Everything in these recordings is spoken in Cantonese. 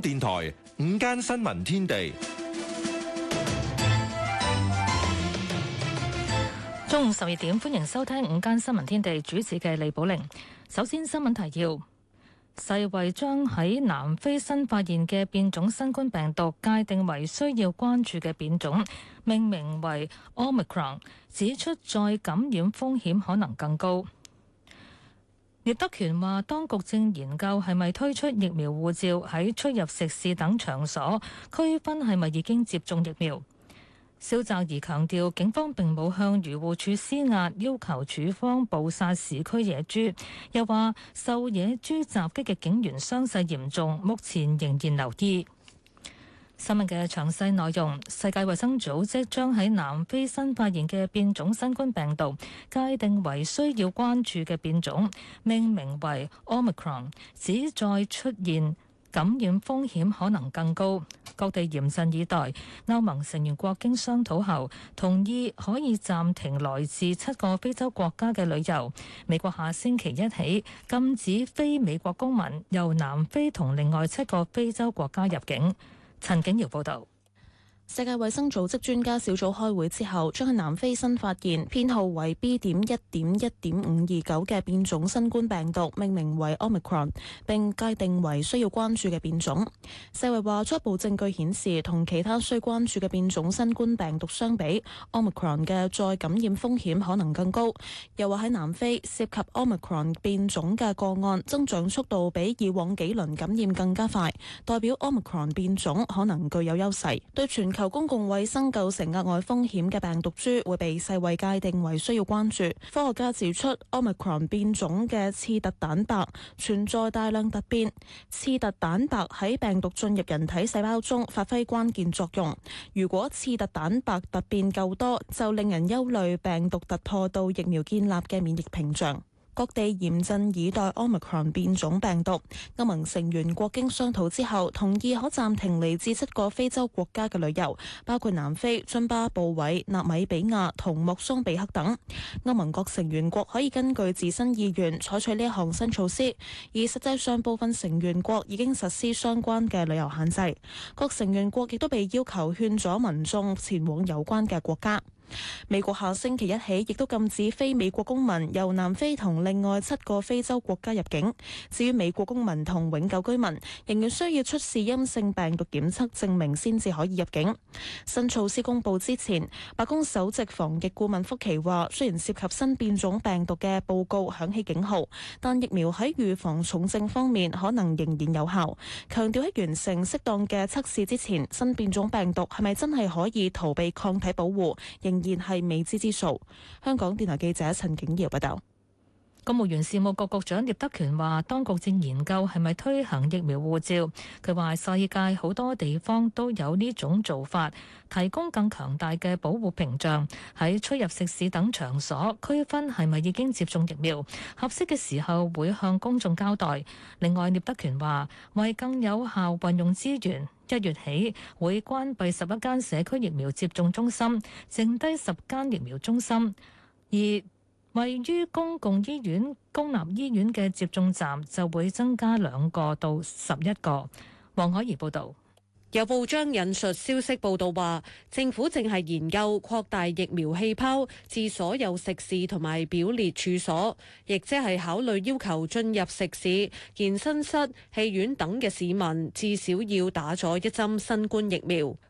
電台午間新聞天地，中午十二點，歡迎收聽午間新聞天地，主持嘅李寶玲。首先新聞提要：世衛將喺南非新發現嘅變種新冠病毒界定為需要關注嘅變種，命名為 Omicron，指出再感染風險可能更高。聶德權話，當局正研究係咪推出疫苗護照，喺出入食肆等場所區分係咪已經接種疫苗。蕭澤頤強調，警方並冇向漁護署施壓，要求署方捕殺市區野豬。又話受野豬襲擊嘅警員傷勢嚴重，目前仍然留醫。新聞嘅詳細內容，世界衛生組織將喺南非新發現嘅變種新冠病毒界定為需要關注嘅變種，命名為 Omicron。指再出現感染風險可能更高。各地嚴陣以待。歐盟成員國經商討後同意可以暫停來自七個非洲國家嘅旅遊。美國下星期一起禁止非美國公民由南非同另外七個非洲國家入境。陳景瑤報道。世界衛生組織專家小組開會之後，將喺南非新發現編號為 B. 點一點一點五二九嘅變種新冠病毒，命名為 Omicron，並界定為需要關注嘅變種。世衞話：初步證據顯示，同其他需關注嘅變種新冠病毒相比，Omicron 嘅再感染風險可能更高。又話喺南非涉及 Omicron 變種嘅個案增長速度比以往幾輪感染更加快，代表 Omicron 變種可能具有優勢，對全求公共衛生構成額外風險嘅病毒株會被世衛界定為需要關注。科學家指出，omicron 變種嘅刺突蛋白存在大量突變，刺突蛋白喺病毒進入人體細胞中發揮關鍵作用。如果刺突蛋白突變夠多，就令人憂慮病毒突破到疫苗建立嘅免疫屏障。各地嚴陣以待 Omicron 變種病毒。歐盟成員國經商討之後，同意可暫停嚟自七個非洲國家嘅旅遊，包括南非、津巴布韋、納米比亞同莫桑比克等。歐盟各成員國可以根據自身意願採取呢項新措施，而實際上部分成員國已經實施相關嘅旅遊限制。各成員國亦都被要求勸阻民眾前往有關嘅國家。美國下星期一起亦都禁止非美國公民由南非同另外七個非洲國家入境。至於美國公民同永久居民，仍然需要出示陰性病毒檢測證明先至可以入境。新措施公布之前，白宮首席防疫顧問福奇話：雖然涉及新變種病毒嘅報告響起警號，但疫苗喺預防重症方面可能仍然有效。強調喺完成適當嘅測試之前，新變種病毒係咪真係可以逃避抗體保護，仍仍然係未知之數。香港電台記者陳景瑤報道，公務員事務局局長聶德權話，當局正研究係咪推行疫苗護照。佢話世界好多地方都有呢種做法，提供更強大嘅保護屏障。喺出入食肆等場所區分係咪已經接種疫苗，合適嘅時候會向公眾交代。另外，聶德權話為更有效運用資源，一月起會關閉十一間社區疫苗接種中心，剩低十間疫苗中心，而位於公共醫院、公立醫院嘅接種站就會增加兩個到十一個，黃海怡報道。有報章引述消息報道話，政府正係研究擴大疫苗氣泡至所有食肆同埋表列處所，亦即係考慮要求進入食肆、健身室、戲院等嘅市民至少要打咗一針新冠疫苗。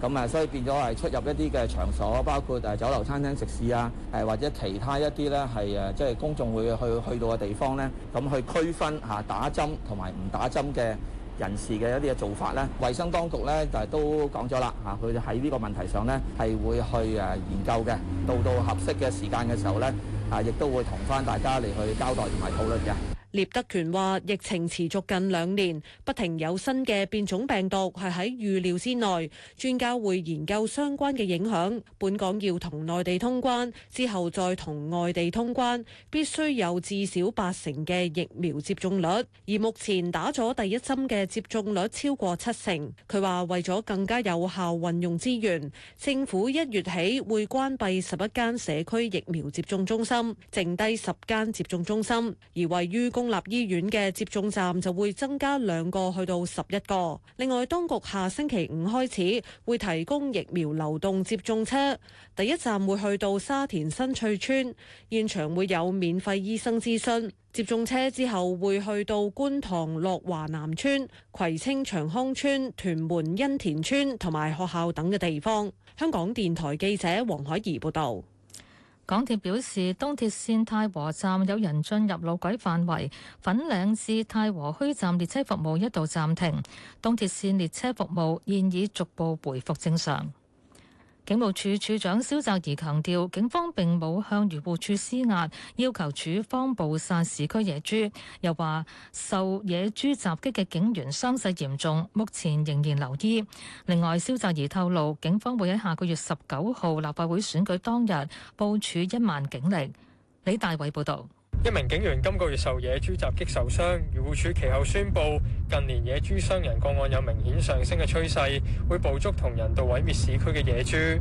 咁啊，所以變咗係出入一啲嘅場所，包括誒酒樓餐廳食肆啊，誒或者其他一啲咧係誒即係公眾會去去到嘅地方咧，咁去區分吓打針同埋唔打針嘅人士嘅一啲嘅做法咧，衛生當局咧就係都講咗啦吓，佢哋喺呢個問題上咧係會去誒研究嘅，到到合適嘅時間嘅時候咧啊，亦都會同翻大家嚟去交代同埋討論嘅。聶德權話：疫情持續近兩年，不停有新嘅變種病毒係喺預料之內。專家會研究相關嘅影響。本港要同內地通關之後再同外地通關，必須有至少八成嘅疫苗接種率。而目前打咗第一針嘅接種率超過七成。佢話為咗更加有效運用資源，政府一月起會關閉十一間社區疫苗接種中心，剩低十間接種中心，而位於公立醫院嘅接種站就會增加兩個，去到十一個。另外，當局下星期五開始會提供疫苗流動接種車，第一站會去到沙田新翠村，現場會有免費醫生諮詢。接種車之後會去到觀塘樂華南村、葵青長康村、屯門欣田邨同埋學校等嘅地方。香港電台記者黃海怡報道。港鐵表示，東鐵綫太和站有人進入路軌範圍，粉嶺至太和墟站列車服務一度暫停，東鐵綫列車服務現已逐步回復正常。警務處處長蕭澤頤強調，警方並冇向漁護處施壓，要求處方捕殺市區野豬。又話受野豬襲擊嘅警員傷勢嚴重，目前仍然留醫。另外，蕭澤頤透露，警方會喺下個月十九號立法會選舉當日部署一萬警力。李大偉報道。一名警員今個月受野豬襲擊受傷，漁護署其後宣佈，近年野豬傷人個案有明顯上升嘅趨勢，會捕捉同人道毀滅市區嘅野豬。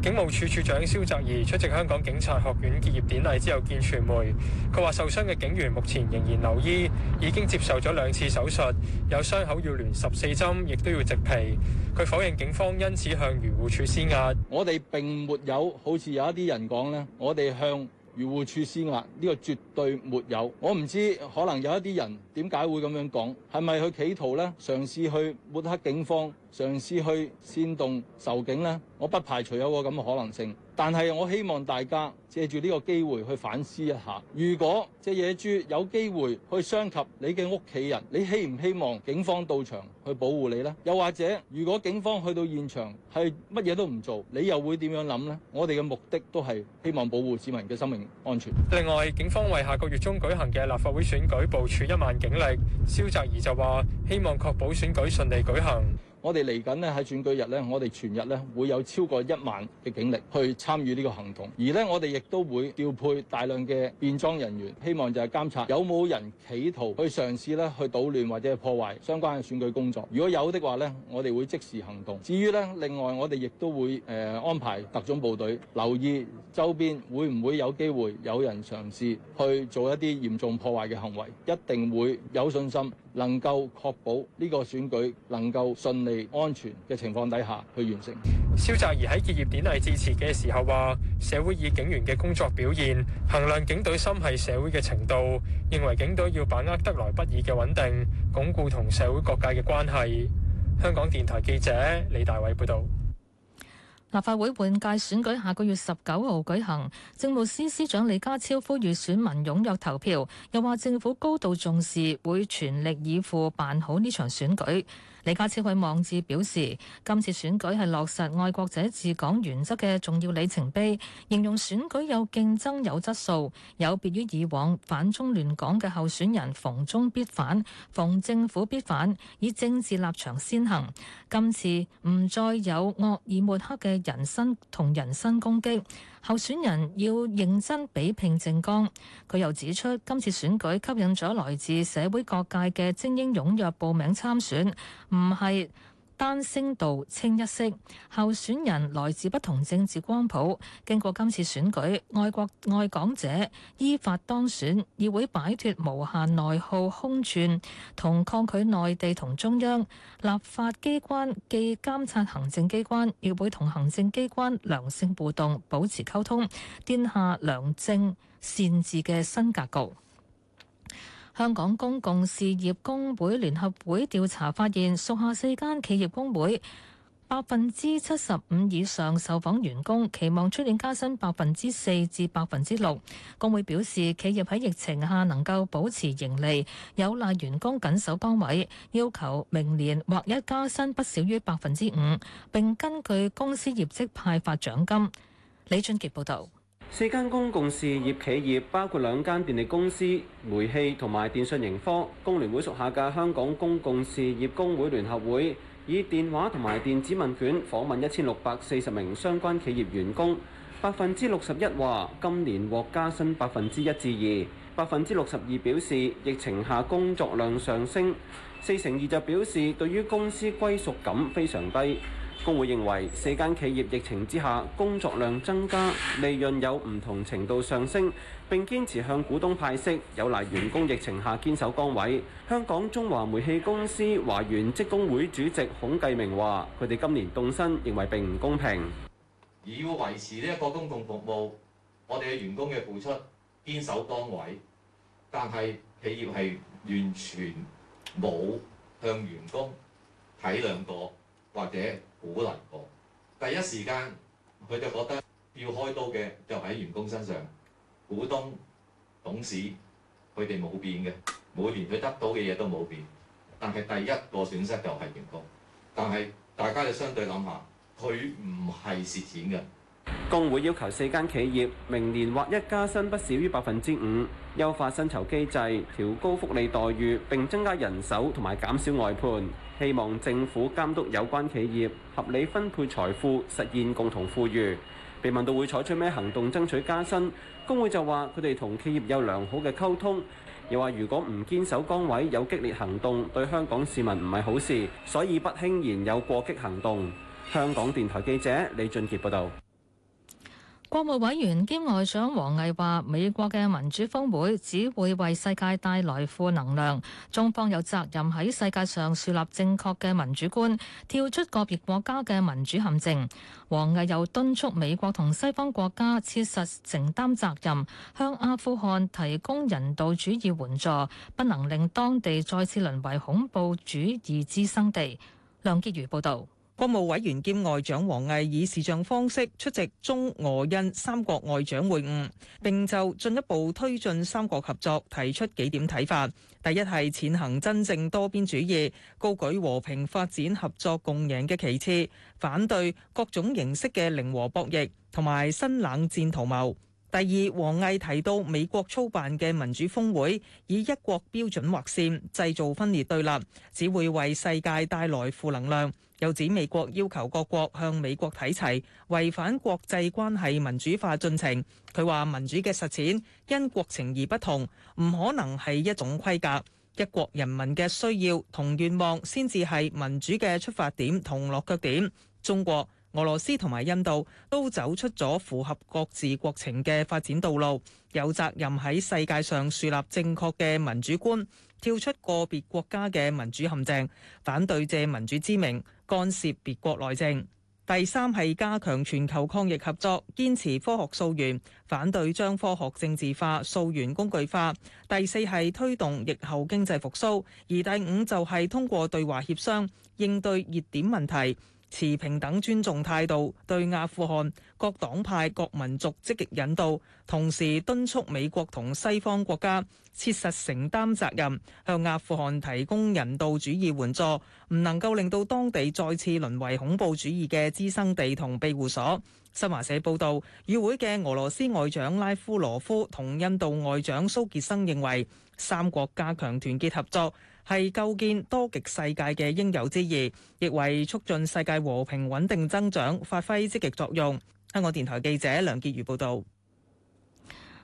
警務處處長蕭澤頤出席香港警察學院結業典禮之後見傳媒，佢話受傷嘅警員目前仍然留醫，已經接受咗兩次手術，有傷口要連十四針，亦都要植皮。佢否認警方因此向漁護署施壓，我哋並沒有好似有一啲人講咧，我哋向。漁護處施壓呢這個絕對沒有，我唔知道可能有一啲人點解會咁樣講，係咪佢企圖咧嘗試去抹黑警方？嘗試去煽動仇警呢，我不排除有個咁嘅可能性。但係我希望大家借住呢個機會去反思一下，如果隻野豬有機會去傷及你嘅屋企人，你希唔希望警方到場去保護你呢？又或者，如果警方去到現場，係乜嘢都唔做，你又會點樣諗呢？我哋嘅目的都係希望保護市民嘅生命安全。另外，警方為下個月中舉行嘅立法會選舉部署一萬警力，蕭澤頤就話希望確保選舉順利舉行。我哋嚟緊咧喺選舉日，呢我哋全日呢會有超過一萬嘅警力去參與呢個行動，而呢，我哋亦都會調配大量嘅便裝人員，希望就係監察有冇人企圖去嘗試咧去搗亂或者破壞相關嘅選舉工作。如果有的話，呢我哋會即時行動。至於呢，另外，我哋亦都會誒、呃、安排特種部隊留意周邊會唔會有機會有人嘗試去做一啲嚴重破壞嘅行為，一定會有信心，能夠確保呢個選舉能夠順利安全嘅情況底下去完成。蕭澤頤喺結業典禮致辭嘅時候話：社會以警員嘅工作表現衡量警隊心繫社會嘅程度，認為警隊要把握得來不易嘅穩定，鞏固同社會各界嘅關係。香港電台記者李大偉報導。立法會換屆選舉下個月十九號舉行，政務司司長李家超呼籲選民踴躍投票，又話政府高度重視，會全力以赴辦好呢場選舉。李家超喺網誌表示，今次選舉係落實愛國者治港原則嘅重要里程碑，形容選舉有競爭、有質素，有別於以往反中亂港嘅候選人，逢中必反，逢政府必反，以政治立場先行。今次唔再有惡意抹黑嘅。人身同人身攻擊，候選人要認真比拼政綱。佢又指出，今次選舉吸引咗來自社會各界嘅精英踴躍報名參選，唔係。單聲道清一色候選人來自不同政治光譜，經過今次選舉，愛國愛港者依法當選，議會擺脱無限內耗空轉同抗拒內地同中央立法機關，既監察行政機關，亦會同行政機關良性互動，保持溝通，奠下良政善治嘅新格局。香港公共事業工會聯合會調查發現，屬下四間企業工會，百分之七十五以上受訪員工期望出年加薪百分之四至百分之六。工會表示，企業喺疫情下能夠保持盈利，有賴員工緊守崗位，要求明年或一加薪不少於百分之五，並根據公司業績派發獎金。李俊傑報導。四間公共事業企業包括兩間電力公司、煤氣同埋電訊盈科，工聯會屬下嘅香港公共事業工會聯合會以電話同埋電子問卷訪問一千六百四十名相關企業員工，百分之六十一話今年獲加薪百分之一至二，百分之六十二表示疫情下工作量上升，四成二就表示對於公司歸屬感非常低。工會認為四間企業疫情之下工作量增加，利潤有唔同程度上升，並堅持向股東派息，有賴員工疫情下堅守崗位。香港中華煤氣公司華源職工會主席孔繼明話：佢哋今年凍薪認為並唔公平，而要維持呢一個公共服務，我哋嘅員工嘅付出，堅守崗位，但係企業係完全冇向員工體諒過，或者，鼓勵過，第一時間佢就覺得要開刀嘅就喺員工身上，股東董事佢哋冇變嘅，每年佢得到嘅嘢都冇變，但係第一個損失就係員工，但係大家就相對諗下，佢唔係蝕錢嘅。工會要求四間企業明年或一加薪不少於百分之五，優化薪酬機制，調高福利待遇，並增加人手同埋減少外判。希望政府監督有關企業合理分配財富，實現共同富裕。被問到會採取咩行動爭取加薪，工會就話佢哋同企業有良好嘅溝通，又話如果唔堅守崗位有激烈行動，對香港市民唔係好事，所以不輕言有過激行動。香港電台記者李俊杰報道。國務委員兼外長王毅話：美國嘅民主峰會只會為世界帶來負能量，中方有責任喺世界上樹立正確嘅民主觀，跳出個別國家嘅民主陷阱。王毅又敦促美國同西方國家切實承擔責任，向阿富汗提供人道主義援助，不能令當地再次淪為恐怖主義滋生地。梁潔如報導。國務委員兼外長王毅以視像方式出席中俄印三國外長會晤，並就進一步推進三國合作提出幾點睇法。第一係踐行真正多邊主義，高舉和平發展合作共贏嘅旗幟，反對各種形式嘅零和博弈同埋新冷戰圖謀。第二，王毅提到美國操辦嘅民主峰會以一國標準劃線，製造分裂對立，只會為世界帶來負能量。又指美國要求各國向美國睇齊，違反國際關係民主化進程。佢話民主嘅實踐因國情而不同，唔可能係一種規格。一國人民嘅需要同願望先至係民主嘅出發點同落腳點。中國、俄羅斯同埋印度都走出咗符合各自國情嘅發展道路，有責任喺世界上樹立正確嘅民主觀，跳出個別國家嘅民主陷阱，反對借民主之名干涉別國內政；第三係加強全球抗疫合作，堅持科學溯源，反對將科學政治化、溯源工具化；第四係推動疫後經濟復甦，而第五就係通過對話協商，應對熱點問題。持平等尊重態度，對阿富汗各黨派各民族積極引導，同時敦促美國同西方國家切實承擔責任，向阿富汗提供人道主義援助，唔能夠令到當地再次淪為恐怖主義嘅滋生地同庇護所。新華社報道，與會嘅俄羅斯外長拉夫羅夫同印度外長蘇杰生認為，三國加強團結合作。係構建多極世界嘅應有之義，亦為促進世界和平穩定增長發揮積極作用。香港電台記者梁潔如報導。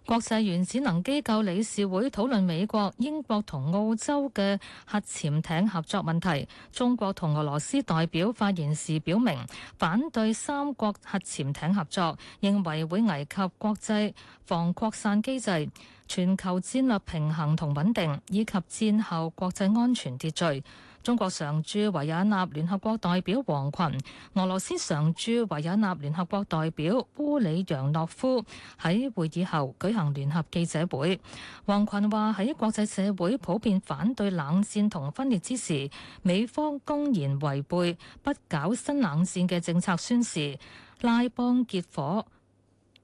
國際原子能機構理事會討論美國、英國同澳洲嘅核潛艇合作問題。中國同俄羅斯代表發言時表明，反對三國核潛艇合作，認為會危及國際防擴散機制。全球戰略平衡同穩定以及戰後國際安全秩序，中國常駐維也納聯合國代表王群、俄羅斯常駐維也納聯合國代表烏里揚諾夫喺會議後舉行聯合記者會。王群話：喺國際社會普遍反對冷戰同分裂之時，美方公然違背不搞新冷戰嘅政策宣示，拉幫結夥、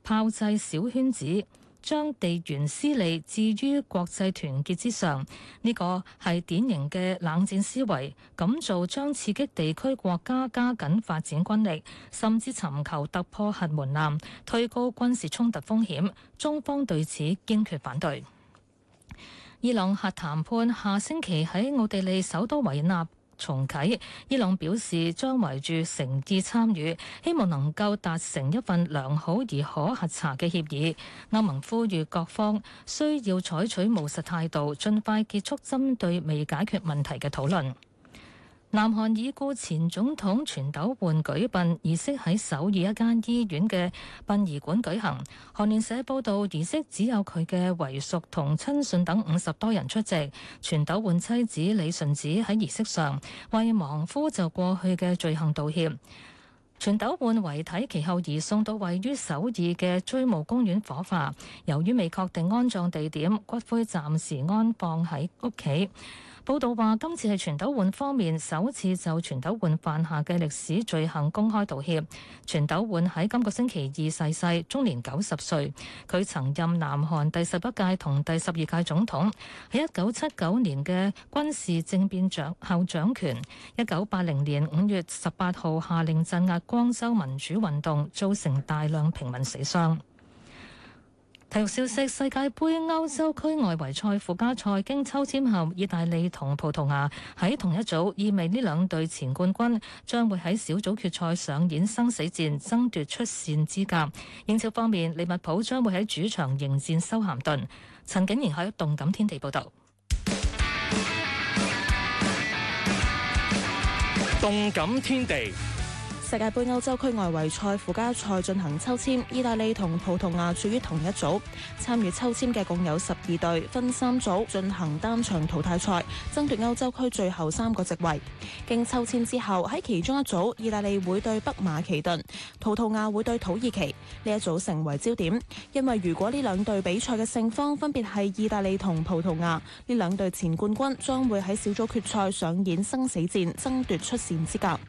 炮製小圈子。將地緣私利置於國際團結之上，呢個係典型嘅冷戰思維。咁做將刺激地區國家加緊發展軍力，甚至尋求突破核門檻，推高軍事衝突風險。中方對此堅決反對。伊朗核談判下星期喺奧地利首都維也納重啟，伊朗表示將圍住誠意參與，希望能夠達成一份良好而可核查嘅協議。歐盟呼籲各方需要採取務實態度，盡快結束針對未解決問題嘅討論。南韓已故前總統全斗煥舉殯儀式喺首爾一間醫院嘅殯儀館舉行。韓聯社報道，儀式只有佢嘅遺屬同親信等五十多人出席。全斗煥妻子李順子喺儀式上為亡夫就過去嘅罪行道歉。全斗煥遺體其後移送到位於首爾嘅追慕公園火化。由於未確定安葬地點，骨灰暫時安放喺屋企。報道話，今次係全斗煥方面首次就全斗煥犯下嘅歷史罪行公開道歉。全斗煥喺今個星期二逝世，終年九十歲。佢曾任南韓第十一屆同第十二屆總統，喺一九七九年嘅軍事政變後掌權，一九八零年五月十八號下令鎮壓光州民主運動，造成大量平民死傷。體育消息：世界盃歐洲區外圍賽附加賽經抽籤後，意大利同葡萄牙喺同一組，意味呢兩隊前冠軍將會喺小組決賽上演生死戰，爭奪出線資格。英超方面，利物浦將會喺主場迎戰修咸頓。陳景然喺動感天地報道。動感天地。報導動感天地世界杯歐洲區外圍賽附加賽進行抽籤，意大利同葡萄牙處於同一組。參與抽籤嘅共有十二隊，分三組進行單場淘汰賽，爭奪歐洲區最後三個席位。經抽籤之後，喺其中一組，意大利會對北馬其頓，葡萄牙會對土耳其。呢一組成為焦點，因為如果呢兩隊比賽嘅勝方分別係意大利同葡萄牙，呢兩隊前冠軍將會喺小組決賽上演生死戰，爭奪出線資格。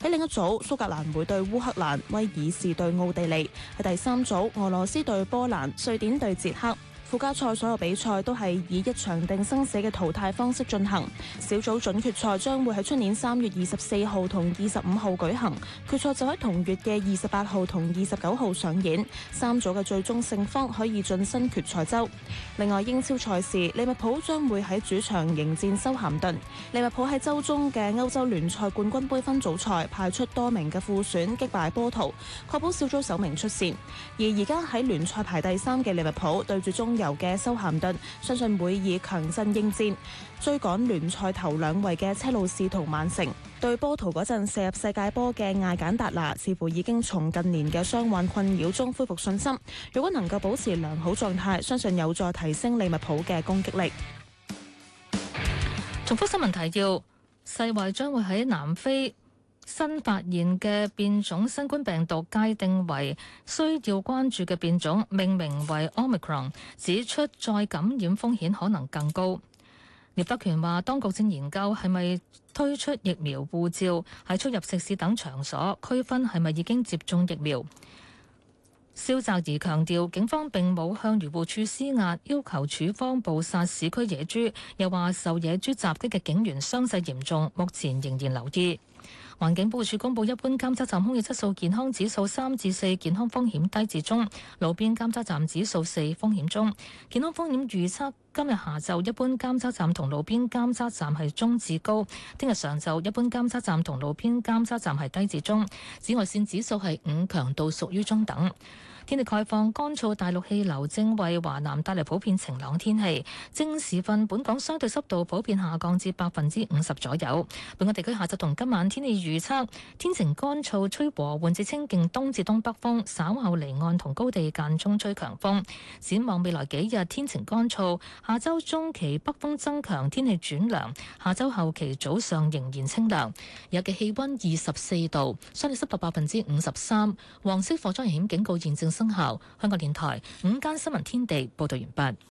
喺另一組，蘇格蘭蘭會對烏克蘭，威爾士對奧地利，喺第三組，俄羅斯對波蘭，瑞典對捷克。附加賽所有比賽都係以一場定生死嘅淘汰方式進行，小組準決賽將會喺出年三月二十四號同二十五號舉行，決賽就喺同月嘅二十八號同二十九號上演。三組嘅最終勝方可以晉身決賽周。另外英超賽事，利物浦將會喺主場迎戰修咸頓。利物浦喺周中嘅歐洲聯賽冠軍杯分組賽派出多名嘅副選擊敗波圖，確保小組首名出線。而而家喺聯賽排第三嘅利物浦對住中。由嘅修咸頓相信會以強陣應戰，追趕聯賽頭兩位嘅車路士同曼城。對波圖嗰陣射入世界波嘅艾簡達拿，似乎已經從近年嘅傷患困擾中恢復信心。如果能夠保持良好狀態，相信有助提升利物浦嘅攻擊力。重複新聞提要：世衛將會喺南非。新發現嘅變種新冠病毒界定為需要關注嘅變種，命名為 Omicron，指出再感染風險可能更高。聶德權話，當局正研究係咪推出疫苗護照，喺出入食肆等場所區分係咪已經接種疫苗。蕭澤怡強調，警方並冇向漁護處施壓，要求處方捕殺市區野豬，又話受野豬襲擊嘅警員傷勢嚴重，目前仍然留醫。環境保護署公布一般監測站空氣質素健康指數三至四，健康風險低至中；路邊監測站指數四，風險中。健康風險預測今日下晝一般監測站同路邊監測站係中至高，聽日上晝一般監測站同路邊監測站係低至中。紫外線指數係五，強度屬於中等。天氣概況乾燥，大陸氣流正為華南帶嚟普遍晴朗天氣。正時分，本港相對濕度普遍下降至百分之五十左右。本港地區下晝同今晚天氣預測：天晴乾燥，吹和緩至清勁東至東北風，稍後離岸同高地間中吹強風。展望未來幾日天晴乾燥，下周中期北風增強，天氣轉涼。下周後期早上仍然清涼，日嘅氣温二十四度，相對濕度百分之五十三。黃色火災危險警告現正生效。香港電台午間新聞天地報道完畢。